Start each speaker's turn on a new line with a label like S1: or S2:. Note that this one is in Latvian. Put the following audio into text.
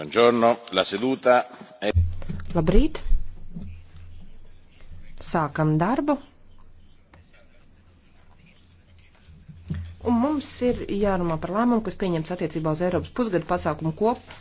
S1: Buongiorno, la seduta è...
S2: Labrīt! Sākam darbu.
S3: Un mums ir jārunā par lēmumu, kas pieņems attiecībā uz Eiropas pusgadu
S4: pasākumu kops.